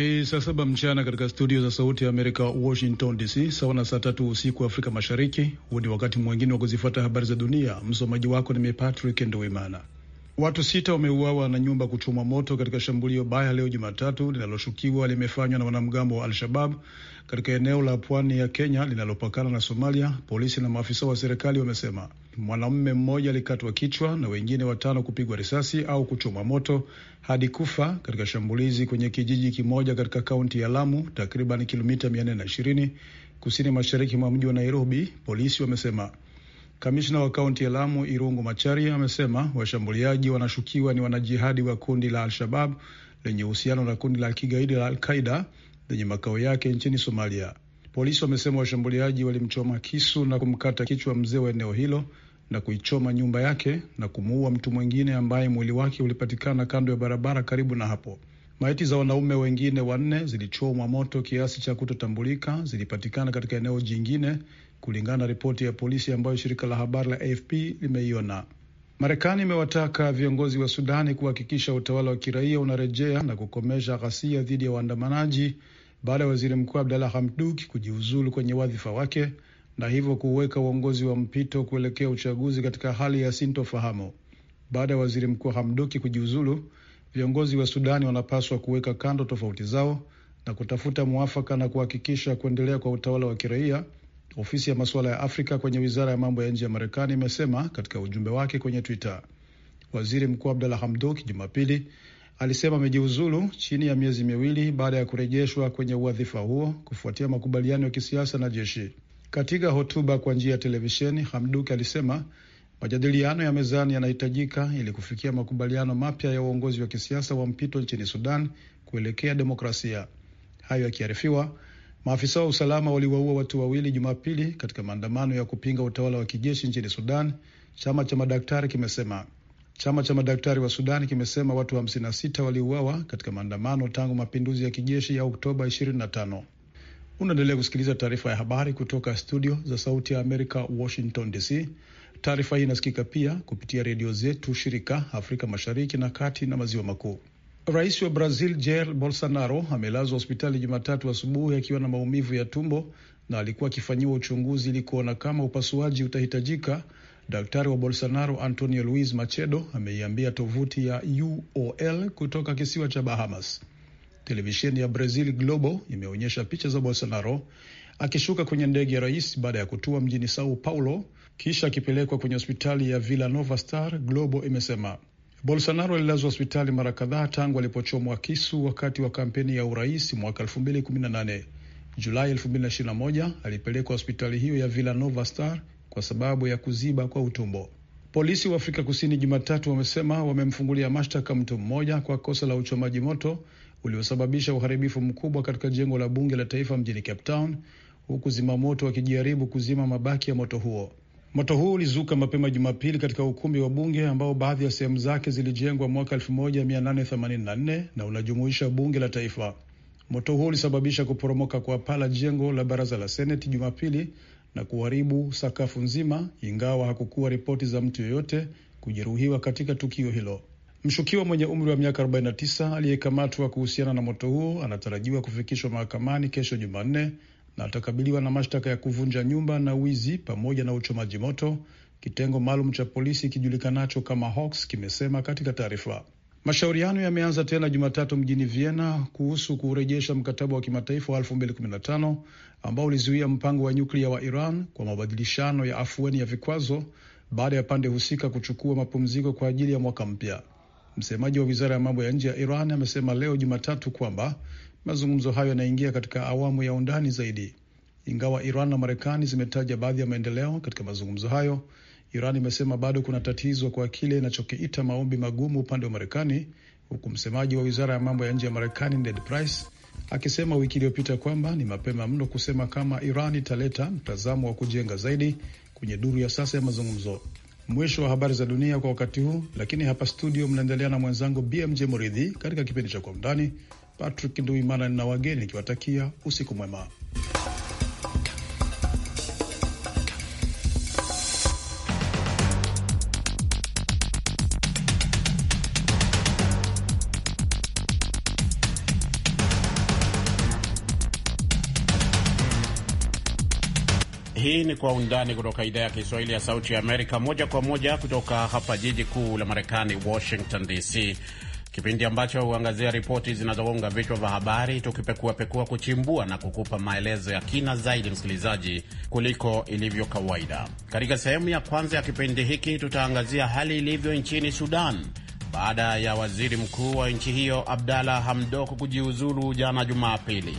Ni saa saba mchana katika studio za Sauti ya Amerika, Washington DC, sawa na saa tatu usiku Afrika Mashariki. Huu ni wakati mwingine wa kuzifuata habari za dunia. Msomaji wako ni Patrick Ndoimana. Watu sita wameuawa na nyumba kuchomwa moto katika shambulio baya leo Jumatatu linaloshukiwa limefanywa na wanamgambo wa Al-Shabab katika eneo la pwani ya Kenya linalopakana na Somalia, polisi na maafisa wa serikali wamesema mwanamume mmoja alikatwa kichwa na wengine watano kupigwa risasi au kuchomwa moto hadi kufa katika shambulizi kwenye kijiji kimoja katika kaunti ya Lamu, takriban kilomita 420 kusini mashariki mwa mji wa Nairobi, polisi wamesema. Kamishna wa kaunti ya Lamu Irungu Macharia amesema washambuliaji wanashukiwa ni wanajihadi wa kundi la Al-Shabab lenye uhusiano na kundi la kigaidi la Al-Qaida lenye makao yake nchini Somalia. Polisi wamesema washambuliaji walimchoma kisu na kumkata kichwa mzee wa eneo hilo na kuichoma nyumba yake na kumuua mtu mwingine ambaye mwili wake ulipatikana kando ya barabara karibu na hapo. Maiti za wanaume wengine wanne zilichomwa moto kiasi cha kutotambulika zilipatikana katika eneo jingine, kulingana na ripoti ya polisi ambayo shirika la habari la AFP limeiona. Marekani imewataka viongozi wa Sudani kuhakikisha utawala wa kiraia unarejea na kukomesha ghasia dhidi ya waandamanaji baada ya waziri mkuu Abdalla Hamduk kujiuzulu kwenye wadhifa wake na hivyo kuuweka uongozi wa mpito kuelekea uchaguzi katika hali ya sintofahamu. Baada ya waziri mkuu Hamduki kujiuzulu, viongozi wa Sudani wanapaswa kuweka kando tofauti zao na kutafuta mwafaka na kuhakikisha kuendelea kwa utawala wa kiraia. Ofisi ya masuala ya Afrika kwenye wizara ya mambo ya nje ya Marekani imesema katika ujumbe wake kwenye Twitter. Waziri mkuu Abdalla Hamdok Jumapili alisema amejiuzulu chini ya miezi miwili baada ya kurejeshwa kwenye uadhifa huo kufuatia makubaliano ya kisiasa na jeshi. Katika hotuba kwa njia ya televisheni, Hamduk alisema majadiliano ya mezani yanahitajika ili kufikia makubaliano mapya ya uongozi wa kisiasa wa mpito nchini Sudan kuelekea demokrasia. Hayo yakiarifiwa, maafisa wa usalama waliwaua watu wawili Jumapili katika maandamano ya kupinga utawala wa kijeshi nchini Sudan, chama cha madaktari kimesema. Chama cha madaktari wa Sudan kimesema watu 56 waliuawa katika maandamano tangu mapinduzi ya kijeshi ya Oktoba 25. Unaendelea kusikiliza taarifa ya habari kutoka studio za Sauti ya Amerika, Washington DC. Taarifa hii inasikika pia kupitia redio zetu shirika Afrika Mashariki na Kati na Maziwa Makuu. Rais wa Brazil Jair Bolsonaro amelazwa hospitali Jumatatu asubuhi akiwa na maumivu ya tumbo na alikuwa akifanyiwa uchunguzi ili kuona kama upasuaji utahitajika. Daktari wa Bolsonaro Antonio Luis Macedo ameiambia tovuti ya UOL kutoka kisiwa cha Bahamas. Televisheni ya Brazil Globo imeonyesha picha za Bolsonaro akishuka kwenye ndege ya rais baada ya kutua mjini Sao Paulo, kisha akipelekwa kwenye hospitali ya Villa Nova Star. Globo imesema Bolsonaro alilazwa hospitali mara kadhaa tangu alipochomwa kisu wakati wa kampeni ya urais mwaka 2018. Julai 2021 alipelekwa hospitali hiyo ya Villa Nova Star kwa sababu ya kuziba kwa utumbo. Polisi wa Afrika Kusini Jumatatu wamesema wamemfungulia mashtaka mtu mmoja kwa kosa la uchomaji moto uliosababisha uharibifu mkubwa katika jengo la bunge la taifa mjini Cape Town, huku zimamoto wakijaribu kuzima mabaki ya moto huo. Moto huo ulizuka mapema Jumapili katika ukumbi wa bunge ambao baadhi ya sehemu zake zilijengwa mwaka 1884 na unajumuisha bunge la taifa. Moto huo ulisababisha kuporomoka kwa paa la jengo la baraza la seneti Jumapili na kuharibu sakafu nzima, ingawa hakukuwa ripoti za mtu yoyote kujeruhiwa katika tukio hilo. Mshukiwa mwenye umri wa miaka 49 aliyekamatwa kuhusiana na moto huo anatarajiwa kufikishwa mahakamani kesho Jumanne na atakabiliwa na mashtaka ya kuvunja nyumba na wizi pamoja na uchomaji moto, kitengo maalum cha polisi kijulikanacho kama Hawks kimesema katika taarifa. Mashauriano yameanza tena Jumatatu mjini Vienna kuhusu kurejesha mkataba wa kimataifa wa 2015 ambao ulizuia mpango wa nyuklia wa Iran kwa mabadilishano ya afueni ya vikwazo baada ya pande husika kuchukua mapumziko kwa ajili ya mwaka mpya. Msemaji wa wizara ya mambo ya nje ya Iran amesema leo Jumatatu kwamba mazungumzo hayo yanaingia katika awamu ya undani zaidi. Ingawa Iran na Marekani zimetaja baadhi ya maendeleo katika mazungumzo hayo, Iran imesema bado kuna tatizo kwa kile inachokiita maombi magumu upande wa Marekani, huku msemaji wa wizara ya mambo ya nje ya Marekani Ned Price akisema wiki iliyopita kwamba ni mapema mno kusema kama Iran italeta mtazamo wa kujenga zaidi kwenye duru ya sasa ya mazungumzo. Mwisho wa habari za dunia kwa wakati huu, lakini hapa studio mnaendelea na mwenzangu BMJ Muridhi katika kipindi cha Kwa Undani. Patrick Nduimana na wageni nikiwatakia usiku mwema. ni Kwa Undani kutoka idhaa ya Kiswahili ya Sauti ya Amerika, moja kwa moja kutoka hapa jiji kuu la Marekani, Washington DC, kipindi ambacho huangazia ripoti zinazogonga vichwa vya habari, tukipekuapekua, kuchimbua na kukupa maelezo ya kina zaidi, msikilizaji, kuliko ilivyo kawaida. Katika sehemu ya kwanza ya kipindi hiki, tutaangazia hali ilivyo nchini Sudan baada ya waziri mkuu wa nchi hiyo Abdalla Hamdok kujiuzulu jana Jumapili.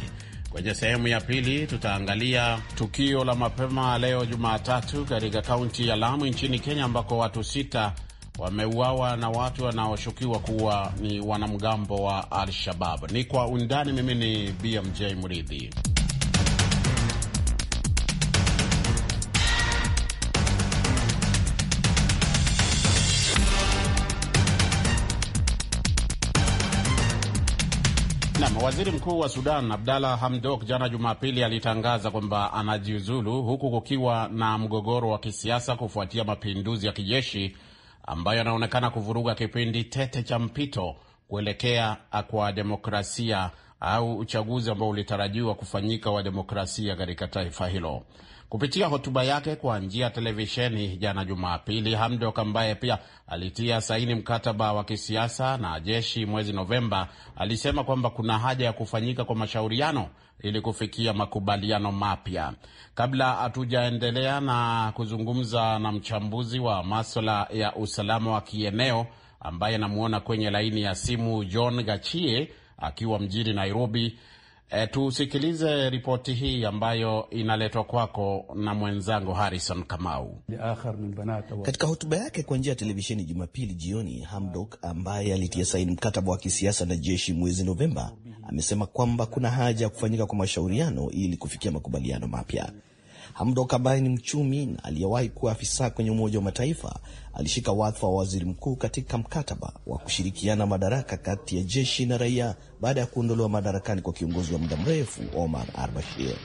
Kwenye sehemu ya pili tutaangalia tukio la mapema leo Jumatatu katika kaunti ya Lamu nchini Kenya, ambako watu sita wameuawa na watu wanaoshukiwa kuwa ni wanamgambo wa Al-Shabab. Ni kwa undani. Mimi ni BMJ Muridhi. Waziri Mkuu wa Sudan Abdalla Hamdok jana Jumapili alitangaza kwamba anajiuzulu huku kukiwa na mgogoro wa kisiasa kufuatia mapinduzi ya kijeshi ambayo yanaonekana kuvuruga kipindi tete cha mpito kuelekea kwa demokrasia au uchaguzi ambao ulitarajiwa kufanyika wa demokrasia katika taifa hilo. Kupitia hotuba yake kwa njia ya televisheni jana Jumapili, Hamdok ambaye pia alitia saini mkataba wa kisiasa na jeshi mwezi Novemba alisema kwamba kuna haja ya kufanyika kwa mashauriano ili kufikia makubaliano mapya. Kabla hatujaendelea na kuzungumza na mchambuzi wa maswala ya usalama wa kieneo ambaye namwona kwenye laini ya simu John Gachie akiwa mjini Nairobi. E, tusikilize ripoti hii ambayo inaletwa kwako na mwenzangu Harrison Kamau. Katika hotuba yake kwa njia ya televisheni Jumapili jioni, Hamdok ambaye alitia saini mkataba wa kisiasa na jeshi mwezi Novemba amesema kwamba kuna haja ya kufanyika kwa mashauriano ili kufikia makubaliano mapya. Hamdok ambaye ni mchumi na aliyewahi kuwa afisa kwenye Umoja wa Mataifa alishika wadhifa wa waziri mkuu katika mkataba wa kushirikiana madaraka kati ya jeshi na raia baada ya kuondolewa madarakani kwa kiongozi wa muda mrefu Omar al-Bashir.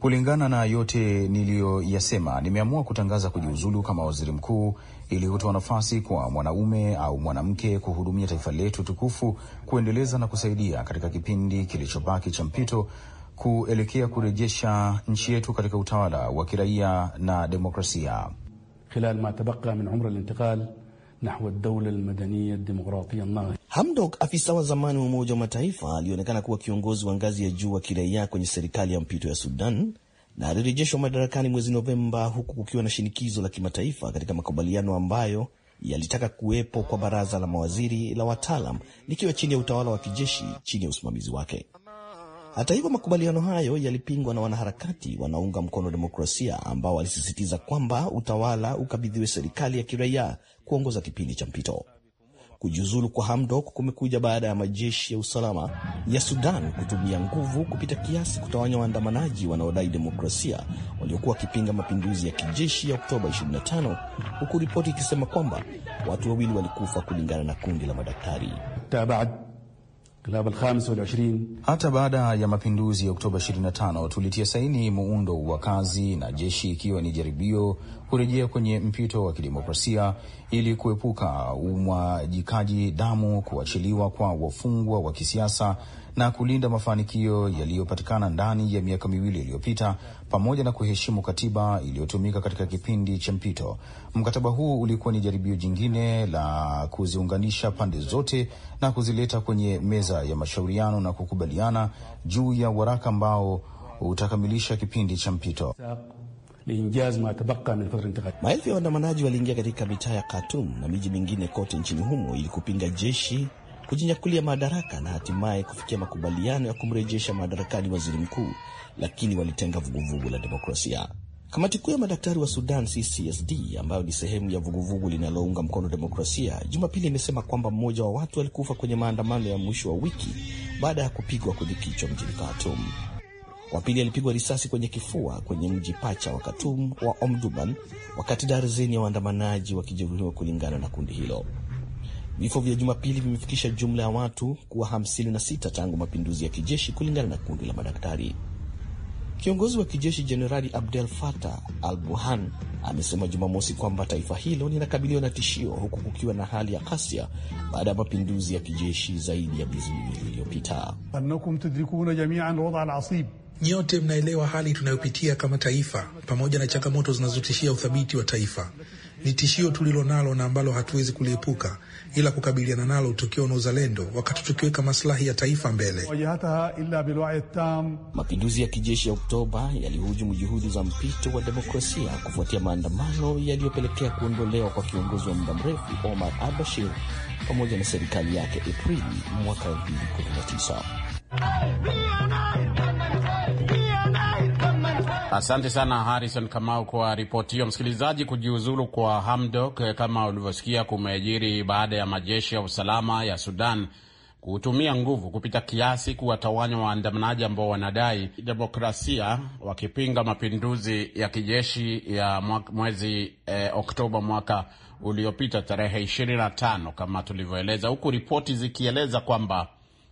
Kulingana na yote niliyoyasema, nimeamua kutangaza kujiuzulu kama waziri mkuu ili kutoa nafasi kwa mwanaume au mwanamke kuhudumia taifa letu tukufu, kuendeleza na kusaidia katika kipindi kilichobaki cha mpito kuelekea kurejesha nchi yetu katika utawala wa kiraia na demokrasia. khilal ma tabaka min umri lintiqal nahwa ad lmadaniya ldemokratia nahi Hamdok, afisa wa zamani wa Umoja wa Mataifa, alionekana kuwa kiongozi wa ngazi ya juu wa kiraia kwenye serikali ya mpito ya Sudan na alirejeshwa madarakani mwezi Novemba, huku kukiwa na shinikizo la kimataifa katika makubaliano ambayo yalitaka kuwepo kwa baraza la mawaziri la wataalam likiwa chini ya utawala wa kijeshi chini ya usimamizi wake. Hata hivyo, makubaliano hayo yalipingwa na wanaharakati wanaunga mkono demokrasia ambao walisisitiza kwamba utawala ukabidhiwe serikali ya kiraia kuongoza kipindi cha mpito. Kujiuzulu kwa Hamdok kumekuja baada ya majeshi ya usalama ya Sudan kutumia nguvu kupita kiasi kutawanya waandamanaji wanaodai demokrasia waliokuwa wakipinga mapinduzi ya kijeshi ya Oktoba 25 huku ripoti ikisema kwamba watu wawili walikufa kulingana na kundi la madaktari. Tabad. Hata baada ya mapinduzi ya Oktoba 25 tulitia saini muundo wa kazi na jeshi, ikiwa ni jaribio kurejea kwenye mpito wa kidemokrasia ili kuepuka umwajikaji damu, kuachiliwa kwa wafungwa wa kisiasa na kulinda mafanikio yaliyopatikana ndani ya miaka miwili iliyopita pamoja na kuheshimu katiba iliyotumika katika kipindi cha mpito. Mkataba huu ulikuwa ni jaribio jingine la kuziunganisha pande zote na kuzileta kwenye meza ya mashauriano na kukubaliana juu ya waraka ambao utakamilisha kipindi cha mpito. Maelfu ya waandamanaji waliingia katika mitaa ya Khartoum na miji mingine kote nchini humo ili kupinga jeshi kujinyakulia madaraka na hatimaye kufikia makubaliano ya kumrejesha madarakani waziri mkuu, lakini walitenga vuguvugu la demokrasia. Kamati kuu ya madaktari wa Sudan CCSD ambayo ni sehemu ya vuguvugu linalounga mkono demokrasia, Jumapili imesema kwamba mmoja wa watu alikufa kwenye maandamano ya mwisho wa wiki baada ya kupigwa kwenye kichwa mjini Khartoum. Wa pili alipigwa risasi kwenye kifua kwenye mji pacha wa Khartoum wa Omduban, wakati darzeni ya waandamanaji wakijeruhiwa kulingana na kundi hilo. Vifo vya Jumapili vimefikisha jumla ya watu kuwa 56 tangu mapinduzi ya kijeshi, kulingana na kundi la madaktari. Kiongozi wa kijeshi Jenerali Abdel Fattah al Burhan amesema Jumamosi kwamba taifa hilo linakabiliwa na tishio huku kukiwa na hali ya ghasia baada ya mapinduzi ya kijeshi zaidi ya miezi miwili iliyopita. annakum tudrikuna jamian alasib Nyote mnaelewa hali tunayopitia kama taifa, pamoja na changamoto zinazotishia uthabiti wa taifa. Ni tishio tulilo nalo na ambalo hatuwezi kuliepuka, ila kukabiliana nalo tukiwa na uzalendo, wakati tukiweka maslahi ya taifa mbele. Mapinduzi ya kijeshi ya Oktoba yalihujumu juhudi za mpito wa demokrasia kufuatia maandamano yaliyopelekea kuondolewa kwa kiongozi wa muda mrefu Omar al-Bashir pamoja na serikali yake Aprili mwaka 2019. Asante sana Harrison Kamau kwa ripoti hiyo. Msikilizaji, kujiuzulu kwa Hamdok kama ulivyosikia, kumejiri baada ya majeshi ya usalama ya Sudan kutumia nguvu kupita kiasi kuwatawanya waandamanaji ambao wanadai demokrasia wakipinga mapinduzi ya kijeshi ya mwezi eh, Oktoba mwaka uliopita tarehe 25 kama tulivyoeleza, huku ripoti zikieleza kwamba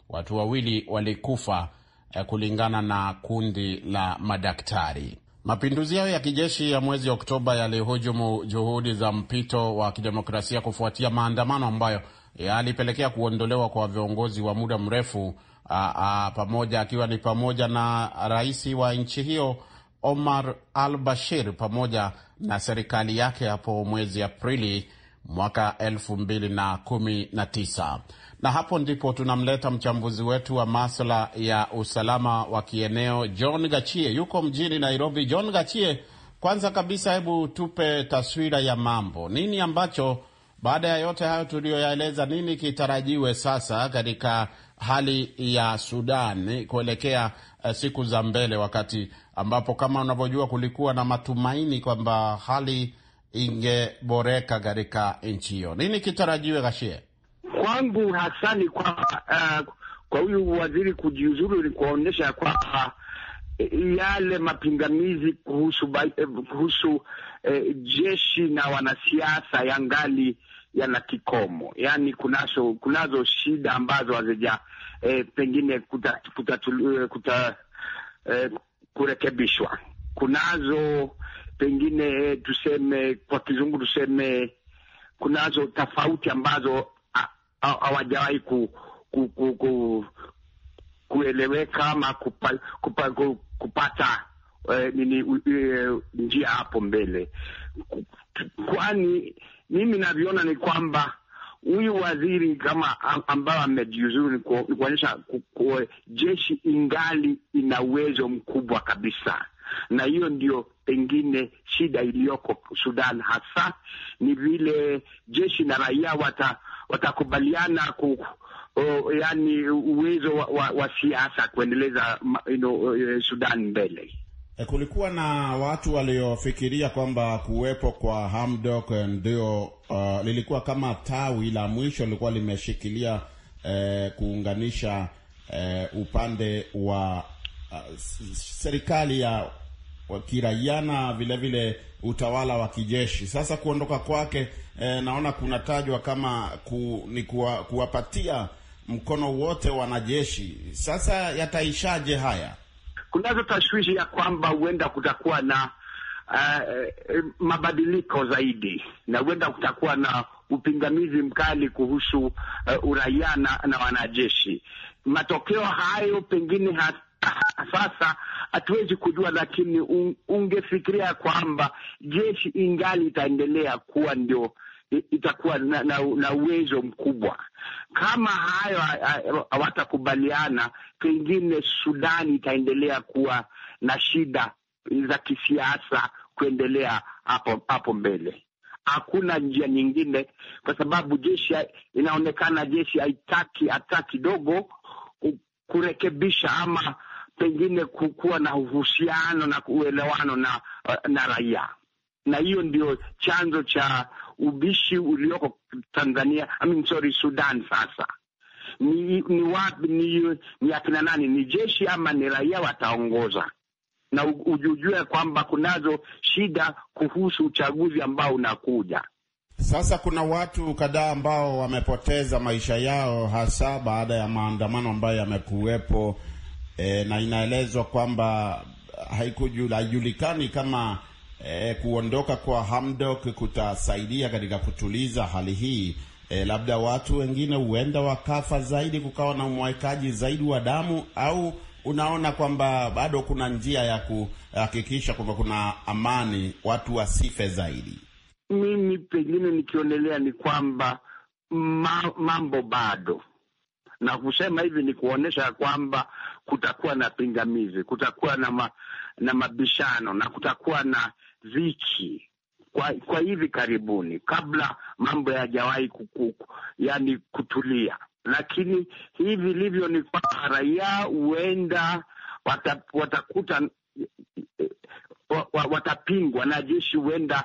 watu wawili walikufa Eh, kulingana na kundi la madaktari. Mapinduzi hayo ya kijeshi ya mwezi Oktoba yalihujumu juhudi za mpito wa kidemokrasia kufuatia maandamano ambayo eh, yalipelekea kuondolewa kwa viongozi wa muda mrefu a, ah, a, ah, pamoja akiwa ni pamoja na rais wa nchi hiyo Omar al-Bashir pamoja na serikali yake hapo mwezi Aprili mwaka 2019. Na hapo ndipo tunamleta mchambuzi wetu wa maswala ya usalama wa kieneo John Gachie, yuko mjini Nairobi. John Gachie, kwanza kabisa, hebu tupe taswira ya mambo, nini ambacho baada ya yote hayo tuliyoyaeleza, nini kitarajiwe sasa katika hali ya Sudan kuelekea eh, siku za mbele, wakati ambapo kama unavyojua kulikuwa na matumaini kwamba hali ingeboreka katika nchi hiyo. Nini kitarajiwe, Gashie? kwangu hasa ni kwa uh, kwa huyu waziri kujiuzuru ni kuwaonyesha kwamba eh, yale mapingamizi kuhusu, eh, kuhusu eh, jeshi na wanasiasa yangali yana kikomo, yaani kunazo, kunazo shida ambazo hazija eh, pengine kuta, kuta, eh, kuta, eh, kurekebishwa. Kunazo pengine tuseme kwa kizungu tuseme kunazo tofauti ambazo hawajawahi ku, ku, ku, ku, kueleweka ama kupa, kupa, kupata eh, nini uh, njia hapo mbele. Kwani mimi naviona ni kwamba huyu waziri kama ambayo amejiuzuru ni kuonyesha jeshi ingali ina uwezo mkubwa kabisa, na hiyo ndio pengine shida iliyoko Sudan, hasa ni vile jeshi na raia wata watakubaliana ku yani uwezo wa, wa, wa siasa kuendeleza you know, e, Sudan mbele. E, kulikuwa na watu waliofikiria kwamba kuwepo kwa Hamdok ndio uh, lilikuwa kama tawi la mwisho lilikuwa limeshikilia eh, kuunganisha eh, upande wa uh, serikali ya kiraia na vile vile utawala wa kijeshi. Sasa kuondoka kwake e, naona kunatajwa kama ku, ni kuwa, kuwapatia mkono wote wanajeshi. Sasa yataishaje haya? Kunazo tashwishi ya kwamba huenda kutakuwa na uh, mabadiliko zaidi na huenda kutakuwa na upingamizi mkali kuhusu uh, uraia na, na wanajeshi. Matokeo hayo pengine hata sasa hatuwezi kujua, lakini un, ungefikiria kwamba jeshi ingali itaendelea kuwa ndio itakuwa na, na, na uwezo mkubwa. Kama hayo hawatakubaliana, pengine Sudani itaendelea kuwa na shida za kisiasa kuendelea hapo hapo mbele. Hakuna njia nyingine, kwa sababu jeshi inaonekana jeshi haitaki hata kidogo kurekebisha ama pengine kuwa na uhusiano na uelewano na, na raia, na hiyo ndio chanzo cha ubishi ulioko Tanzania, I mean, sorry, Sudan. Sasa ni ni wapi? Ni, ni akina nani? Ni jeshi ama ni raia wataongoza? Na ujujue kwamba kunazo shida kuhusu uchaguzi ambao unakuja. Sasa kuna watu kadhaa ambao wamepoteza maisha yao hasa baada ya maandamano ambayo yamekuwepo e, na inaelezwa kwamba haikujulikani kama e, kuondoka kwa Hamdok kutasaidia katika kutuliza hali hii. E, labda watu wengine huenda wakafa zaidi, kukawa na umwaikaji zaidi wa damu, au unaona kwamba bado kuna njia ya kuhakikisha kwamba kuna amani, watu wasife zaidi? Mimi pengine nikionelea ni kwamba ma, mambo bado, na kusema hivi ni kuonyesha kwamba kutakuwa na pingamizi, kutakuwa na ma, na mabishano na kutakuwa na vichi kwa, kwa hivi karibuni, kabla mambo yajawahi yani kutulia. Lakini hivi vilivyo ni kwamba raia huenda watakuta watapingwa na jeshi, huenda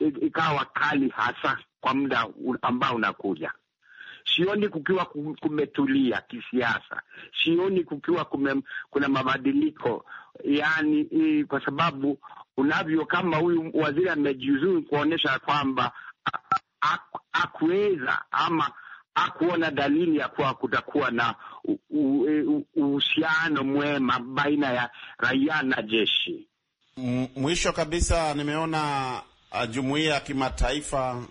ikawa kali hasa kwa muda ambao unakuja. Sioni kukiwa kumetulia kisiasa, sioni kukiwa kume, kuna mabadiliko yani, kwa sababu unavyo kama huyu waziri amejiuzuru kuonyesha kwamba akuweza ama akuona dalili ya kuwa kutakuwa na e, uhusiano mwema baina ya raia na jeshi. Mwisho kabisa, nimeona jumuiya ya kimataifa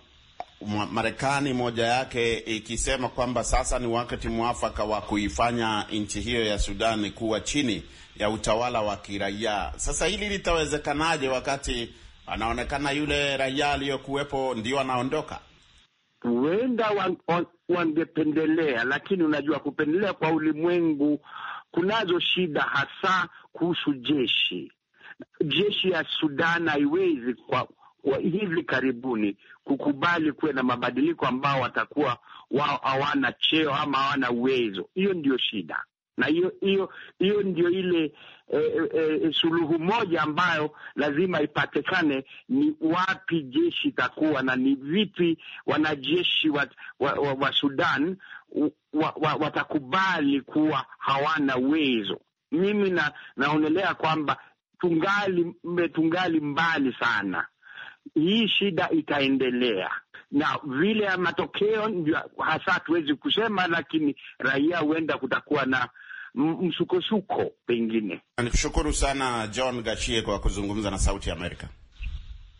Marekani moja yake ikisema kwamba sasa ni wakati mwafaka wa kuifanya nchi hiyo ya Sudani kuwa chini ya utawala wa kiraia. Sasa hili litawezekanaje wakati anaonekana yule raia aliyokuwepo ndio anaondoka? Huenda wangependelea wan, lakini unajua kupendelea kwa ulimwengu kunazo shida, hasa kuhusu jeshi. Jeshi ya Sudan haiwezi kwa wa hivi karibuni kukubali kuwe na mabadiliko ambao watakuwa wao hawana cheo ama hawana uwezo. Hiyo ndio shida, na hiyo hiyo hiyo ndio ile e, e, e suluhu moja ambayo lazima ipatikane, ni wapi jeshi itakuwa na ni vipi wanajeshi wa, wa, wa, wa Sudan wa, wa, watakubali kuwa hawana uwezo. Mimi na, naonelea kwamba tungali tungali mbali sana hii shida itaendelea na vile ya matokeo hasa hatuwezi kusema, lakini raia huenda kutakuwa na msukosuko pengine. Nikushukuru sana John Gachie kwa kuzungumza na Sauti ya Amerika.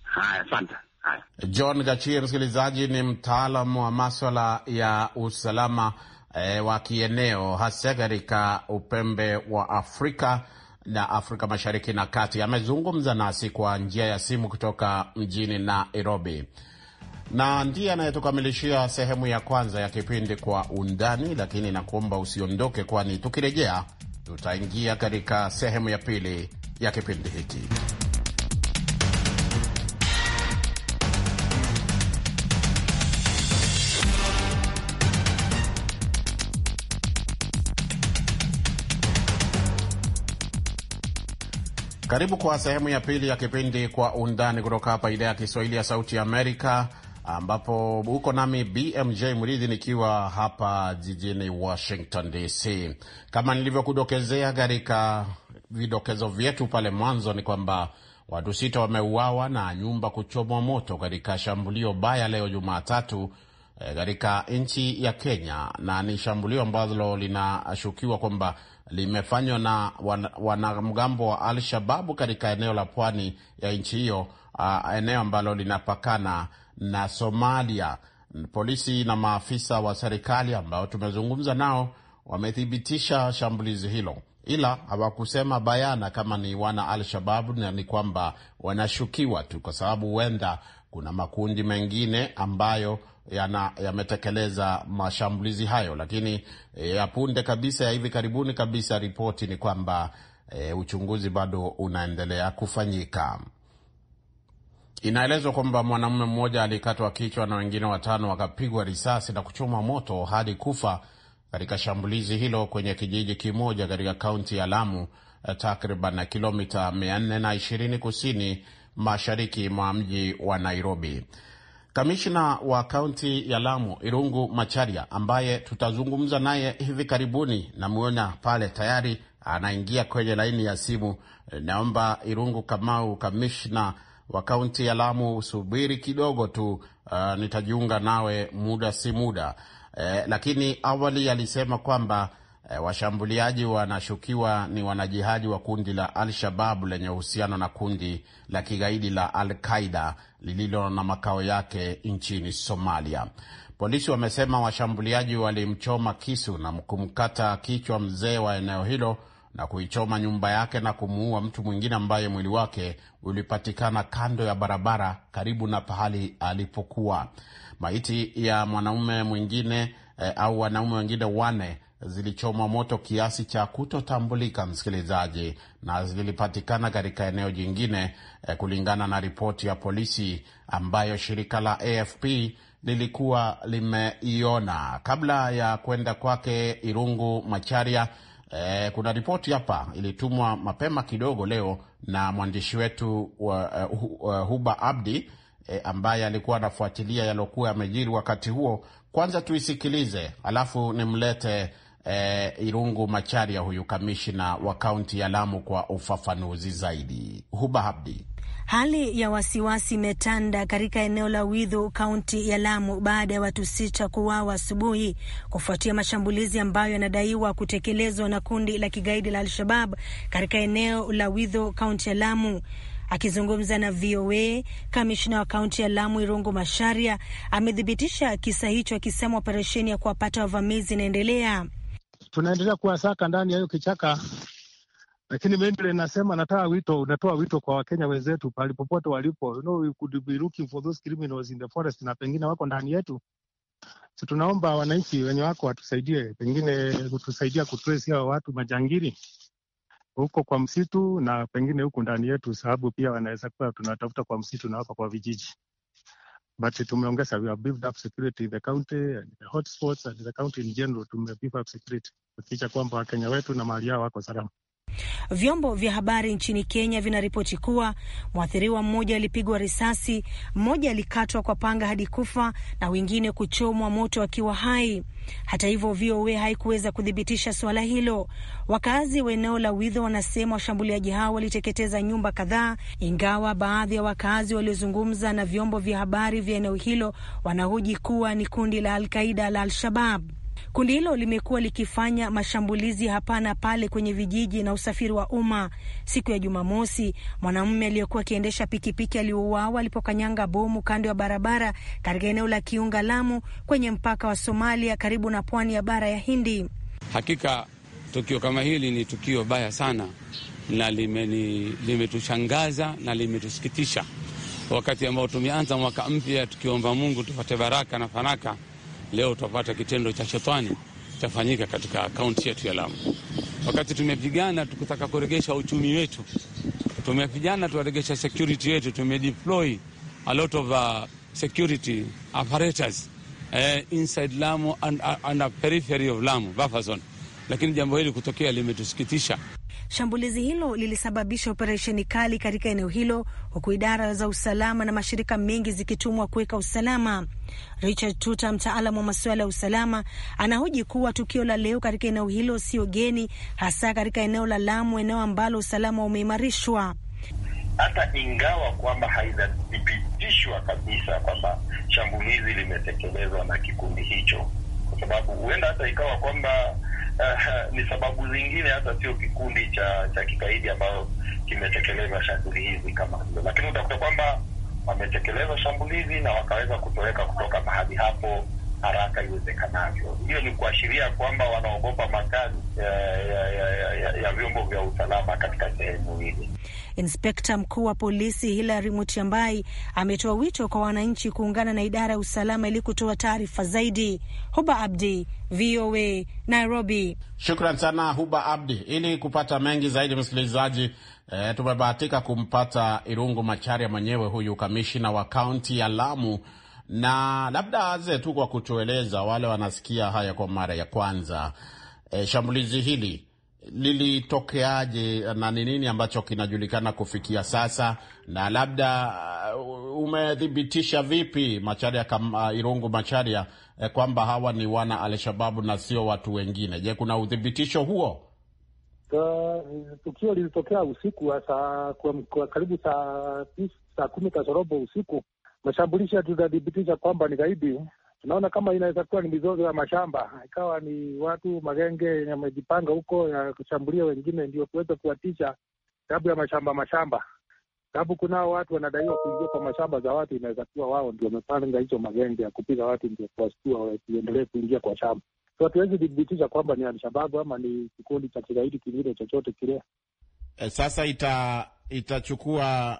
Haya, asante. Haya, John Gachie, msikilizaji, ni mtaalamu wa maswala ya usalama eh, wa kieneo hasa katika upembe wa Afrika la Afrika Mashariki na Kati amezungumza nasi kwa njia ya simu kutoka mjini Nairobi, na ndiye anayetukamilishia sehemu ya kwanza ya kipindi Kwa Undani. Lakini nakuomba usiondoke, kwani tukirejea tutaingia katika sehemu ya pili ya kipindi hiki. Karibu kwa sehemu ya pili ya kipindi Kwa Undani kutoka hapa idhaa ya Kiswahili ya Sauti Amerika, ambapo uko nami BMJ Mridhi nikiwa hapa jijini Washington DC. Kama nilivyokudokezea katika vidokezo vyetu pale mwanzo, ni kwamba watu sita wameuawa na nyumba kuchomwa moto katika shambulio baya leo Jumatatu eh, katika nchi ya Kenya, na ni shambulio ambalo linashukiwa kwamba limefanywa na wanamgambo wa Al-Shababu katika eneo la pwani ya nchi hiyo, uh, eneo ambalo linapakana na Somalia. Polisi na maafisa wa serikali ambao tumezungumza nao wamethibitisha shambulizi hilo, ila hawakusema bayana kama ni wana Al-Shababu na ni kwamba wanashukiwa tu, kwa sababu huenda kuna makundi mengine ambayo yametekeleza ya mashambulizi hayo, lakini eh, ya punde kabisa ya hivi karibuni kabisa, ripoti ni kwamba e, uchunguzi bado unaendelea kufanyika. Inaelezwa kwamba mwanamume mmoja alikatwa kichwa na wengine watano wakapigwa risasi na kuchomwa moto hadi kufa katika shambulizi hilo kwenye kijiji kimoja katika kaunti ya Lamu, eh, takriban kilomita 420 kusini mashariki mwa mji wa Nairobi. Kamishna wa kaunti ya Lamu Irungu Macharia, ambaye tutazungumza naye hivi karibuni, namwona pale tayari anaingia kwenye laini ya simu. Naomba Irungu Kamau, kamishna wa kaunti ya Lamu, subiri kidogo tu. Uh, nitajiunga nawe muda si muda. Eh, lakini awali alisema kwamba E, washambuliaji wanashukiwa ni wanajihadi wa kundi la al shabab lenye uhusiano na kundi la kigaidi la Al-Qaida lililo na makao yake nchini Somalia. Polisi wamesema washambuliaji walimchoma kisu na kumkata kichwa mzee wa eneo hilo na kuichoma nyumba yake na kumuua mtu mwingine ambaye mwili wake ulipatikana kando ya barabara karibu na pahali alipokuwa. Maiti ya mwanaume mwingine eh, au wanaume wengine wane zilichomwa moto kiasi cha kutotambulika, msikilizaji, na zilipatikana katika eneo jingine, eh, kulingana na ripoti ya polisi ambayo shirika la AFP lilikuwa limeiona. Kabla ya kwenda kwake Irungu Macharia, eh, kuna ripoti hapa ilitumwa mapema kidogo leo na mwandishi wetu wa, uh, uh, Huba Abdi eh, ambaye alikuwa anafuatilia yaliokuwa yamejiri wakati huo. Kwanza tuisikilize, alafu nimlete eh, Irungu Macharia, huyu kamishna wa kaunti ya Lamu, kwa ufafanuzi zaidi. Huba Abdi. Hali ya wasiwasi imetanda katika eneo la Widhu, kaunti ya Lamu, baada ya watu sita kuuawa asubuhi kufuatia mashambulizi ambayo yanadaiwa kutekelezwa na kundi la kigaidi la Al-Shabab katika eneo la Widhu, kaunti ya Lamu. Akizungumza na VOA, kamishna wa kaunti ya Lamu Irungu Masharia amethibitisha kisa hicho, akisema operesheni ya kuwapata wavamizi inaendelea. Tunaendelea kuwasaka ndani ya hiyo kichaka, lakini Mendele nasema natoa wito, unatoa wito kwa Wakenya wenzetu popote walipo, you know, we could be looking for those criminals in the forest, na pengine wako ndani yetu. So tunaomba wananchi wenye wako watusaidie, pengine kutusaidia kutrace hao watu majangili huko kwa msitu na pengine huku ndani yetu, sababu pia wanaweza kuwa tunatafuta kwa msitu na hapa kwa vijiji but tumeongeza, we have built up security in the county and the hotspots and the county in general, tume beef up security kuhakikisha kwamba wakenya wetu na mali yao wako salama. Vyombo vya habari nchini Kenya vinaripoti kuwa mwathiriwa mmoja alipigwa risasi, mmoja alikatwa kwa panga hadi kufa na wengine kuchomwa moto akiwa hai. Hata hivyo, VOA haikuweza kuthibitisha suala hilo. Wakazi wa eneo la Widho wanasema washambuliaji hao waliteketeza nyumba kadhaa, ingawa baadhi ya wakazi waliozungumza na vyombo vya habari vya eneo hilo wanahoji kuwa ni kundi la Alkaida la Al-Shabab. Kundi hilo limekuwa likifanya mashambulizi hapa na pale kwenye vijiji na usafiri wa umma. Siku ya Jumamosi, mwanamume aliyekuwa akiendesha pikipiki aliuawa alipokanyanga bomu kando ya barabara katika eneo la Kiunga Lamu, kwenye mpaka wa Somalia, karibu na pwani ya bara ya Hindi. Hakika tukio kama hili ni tukio baya sana na limetushangaza lime na limetusikitisha, wakati ambao tumeanza mwaka mpya tukiomba Mungu tupate baraka na fanaka leo utapata kitendo cha shetani chafanyika katika akaunti yetu ya Lamu. Wakati tumepigana tukitaka kuregesha uchumi wetu, tumepigana tuwaregesha security yetu, tumedeploy a lot of uh, security apparatus uh, inside Lamu and, uh, and a periphery of Lamu buffer zone, lakini jambo hili kutokea limetusikitisha. Shambulizi hilo lilisababisha operesheni kali katika eneo hilo, huku idara za usalama na mashirika mengi zikitumwa kuweka usalama. Richard Tuta, mtaalamu wa masuala ya usalama, anahoji kuwa tukio la leo katika eneo hilo sio geni, hasa katika eneo la Lamu, eneo ambalo usalama umeimarishwa hata ingawa kwamba haijathibitishwa kabisa kwamba shambulizi limetekelezwa na kikundi hicho, kwa sababu huenda hata ikawa kwamba uh, ni sababu zingine, hata sio kikundi cha cha kigaidi ambayo kimetekeleza shambulizi hizi kama hilo, lakini utakuta kwamba wametekeleza shambulizi na wakaweza kutoweka kutoka mahali hapo haraka iwezekanavyo. Hiyo ni kuashiria kwamba wanaogopa makazi ya, ya, ya, ya, ya vyombo vya usalama katika sehemu hili. Inspekta mkuu wa polisi Hilary mutiambai ametoa wito kwa wananchi kuungana na idara ya usalama ili kutoa taarifa zaidi. Huba Abdi, VOA Nairobi. Shukran sana Huba Abdi. Ili kupata mengi zaidi, msikilizaji, e, tumebahatika kumpata Irungu Macharia mwenyewe, huyu kamishina wa kaunti ya Lamu, na labda aze tu kwa kutueleza wale wanasikia haya kwa mara ya kwanza, e, shambulizi hili lilitokeaje na ni nini ambacho kinajulikana kufikia sasa, na labda uh, umethibitisha vipi Macharia kama, uh, Irungu Macharia eh, kwamba hawa ni wana Alshababu na sio watu wengine? Je, kuna uthibitisho huo? Uh, tukio lilitokea usiku wa saa kwa karibu saa saa kumi kasorobo usiku. Mashambulishi yatuthibitisha kwamba ni gaidi tunaona kama inaweza kuwa ni mizozo ya mashamba, ikawa ni watu magenge yamejipanga huko ya kushambulia wengine, ndio kuweza kuwatisha sababu ya mashamba mashamba, sababu kunao watu wanadaiwa kuingia kwa mashamba za watu. Inaweza kuwa wao ndio wamepanga hizo magenge ya kupiga watu, ndio kuwashtua wasiendelee kuingia kwa shamba. So hatuwezi thibitisha kwamba ni Alshababu ama ni kikundi cha kigaidi kingine chochote kile. E, sasa ita- itachukua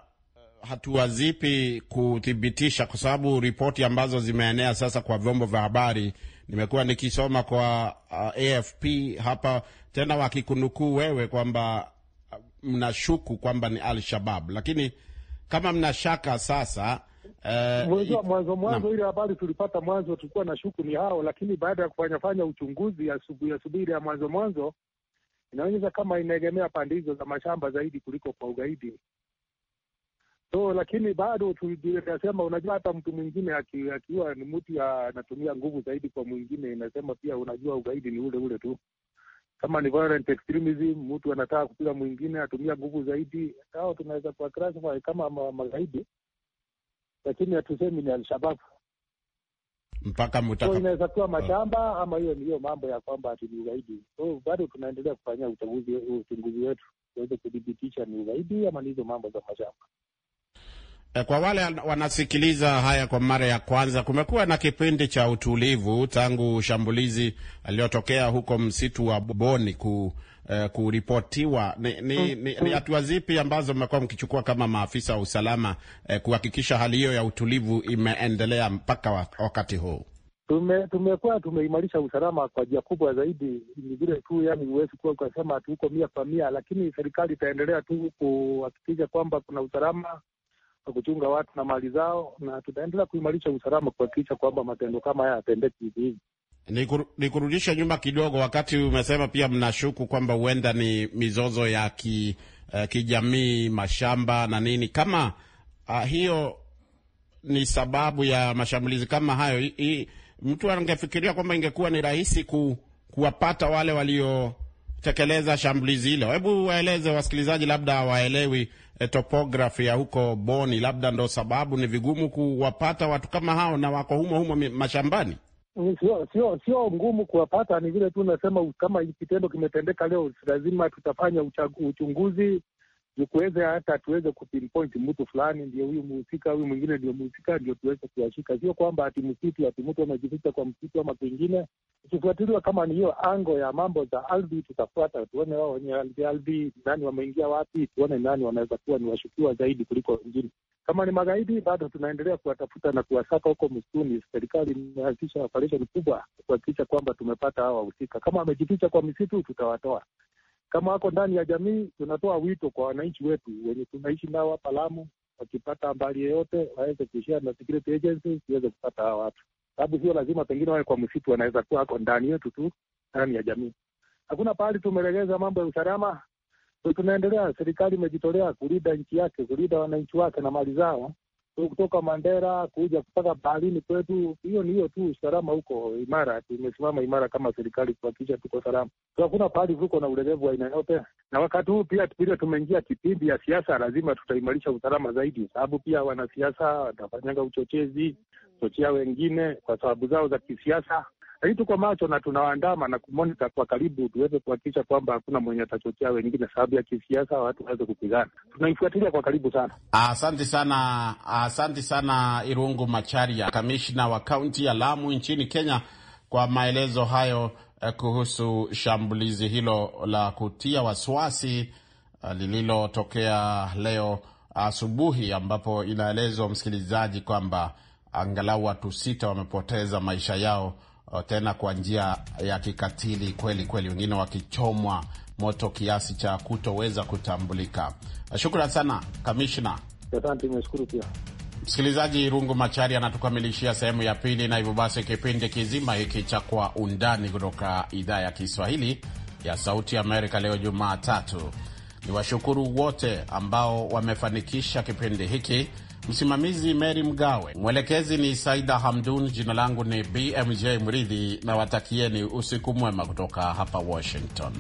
hatua zipi kuthibitisha, kwa sababu ripoti ambazo zimeenea sasa kwa vyombo vya habari nimekuwa nikisoma kwa uh, AFP hapa tena wakikunukuu wewe kwamba uh, mnashuku kwamba ni Al Shabab, lakini kama mnashaka sasa uh, mwanzo mwanzo mwanzo ile habari tulipata mwanzo tulikuwa na shuku ni hao, lakini baada ya kufanyafanya uchunguzi asubuhi asubuhi ya mwanzo mwanzo inaonyesha kama inaegemea pande hizo za mashamba zaidi kuliko kwa ugaidi. So lakini bado tunasema, unajua hata mtu mwingine akiwa aki ni mtu anatumia nguvu zaidi kwa mwingine, inasema pia, unajua ugaidi ni ule ule tu. Kama ni violent extremism, mtu anataka kupiga mwingine, atumia nguvu zaidi, hao tunaweza kwa classify kama magaidi, lakini hatusemi ni Alshabab mpaka mutaka... so, inaweza kuwa ah. mashamba ama hiyo ni hiyo mambo ya kwamba ati ni ugaidi. So bado tunaendelea kufanyia uchunguzi wetu tuweze kudhibitisha ni ugaidi ama ni hizo mambo za mashamba. Eh, kwa wale wanasikiliza haya kwa mara ya kwanza, kumekuwa na kipindi cha utulivu tangu shambulizi aliyotokea huko msitu wa Boni ku eh, kuripotiwa ni, ni, mm. ni, ni hatua zipi ambazo mmekuwa mkichukua kama maafisa wa usalama eh, kuhakikisha hali hiyo ya utulivu imeendelea mpaka wakati huu? Tume, tumekuwa tumeimarisha usalama kwa njia kubwa zaidi. Ni vile tu yani, huwezi kuwa ukasema hati mia kwa mia, lakini serikali itaendelea tu kuhakikisha kwamba kuna usalama kwa kuchunga watu na mali zao, na tutaendelea kuimarisha usalama kuhakikisha kwamba matendo kama haya yatendeki hivi hivi. Nikurudishe nyuma kidogo, wakati umesema pia mnashuku kwamba huenda ni mizozo ya ki, uh, kijamii mashamba na nini kama uh, hiyo ni sababu ya mashambulizi kama hayo. I, i, mtu angefikiria kwamba ingekuwa ni rahisi ku, kuwapata wale waliotekeleza shambulizi hilo. Hebu waeleze wasikilizaji, labda hawaelewi Eh, topografi ya huko Boni, labda ndo sababu ni vigumu kuwapata watu kama hao, na wako humo humo mashambani. Sio, sio, sio ngumu kuwapata, ni vile tu nasema, kama kitendo kimetendeka leo, lazima tutafanya uchunguzi ni kuweza hata tuweze kupinpoint mtu fulani ndio huyu mhusika, huyu mwingine ndio mhusika, ndio tuweze kuwashika. Sio kwamba ati msitu ati mtu amejificha kwa msitu ama kwingine. Tukifuatiliwa kama ni hiyo ango ya mambo za ardhi, tutafuata tuone wao wenye ardhi nani wameingia wapi, tuone nani wanaweza kuwa ni washukiwa zaidi kuliko wengine. Kama ni magaidi, bado tunaendelea kuwatafuta na kuwasaka huko msituni. Serikali imeanzisha operesheni kubwa kuhakikisha kwamba tumepata hawa wahusika. Kama wamejificha kwa misitu, tutawatoa kama wako ndani ya jamii, tunatoa wito kwa wananchi wetu wenye tunaishi nao hapa Lamu, wakipata habari yeyote waweze kuishia na security agencies iweze kupata hawa watu, sababu sio lazima pengine wawe kwa msitu, wanaweza kuwa wako ndani yetu tu, ndani ya jamii. Hakuna pahali tumelegeza mambo ya usalama, tunaendelea. Serikali imejitolea kulinda nchi yake, kulinda wananchi wake na mali zao kutoka Mandera kuja mpaka baharini kwetu. Hiyo ni hiyo tu, usalama huko imara, tumesimama imara kama serikali kuhakikisha tuko salama. Hakuna pahali tuko na ulelevu aina yote, na wakati huu pia pia tumeingia kipindi ya siasa, lazima tutaimarisha usalama zaidi, sababu pia wanasiasa watafanyaga uchochezi, chochea wengine kwa sababu zao za kisiasa. Lakini tuko macho na tunawandama na kumonita kwa karibu, tuweze kuhakikisha kwamba hakuna mwenye atachochea wengine sababu ya kisiasa, watu waweze kupigana. Tunaifuatilia kwa karibu sana. Asante sana, asante sana Irungu Macharia, kamishna wa kaunti ya Lamu nchini Kenya, kwa maelezo hayo eh, kuhusu shambulizi hilo la kutia wasiwasi eh, lililotokea leo asubuhi, ambapo inaelezwa msikilizaji, kwamba angalau watu sita wamepoteza maisha yao tena kwa njia ya kikatili kweli kweli, wengine wakichomwa moto kiasi cha kutoweza kutambulika. Shukran sana kamishna. Asante, nimeshukuru pia msikilizaji. Rungu Machari anatukamilishia sehemu ya pili, na hivyo basi kipindi kizima hiki cha Kwa Undani kutoka idhaa ya Kiswahili ya Sauti Amerika leo Jumatatu. Ni washukuru wote ambao wamefanikisha kipindi hiki Msimamizi Mary Mgawe, mwelekezi ni Saida Hamdun, jina langu ni BMJ Mridhi, na watakieni usiku mwema kutoka hapa Washington.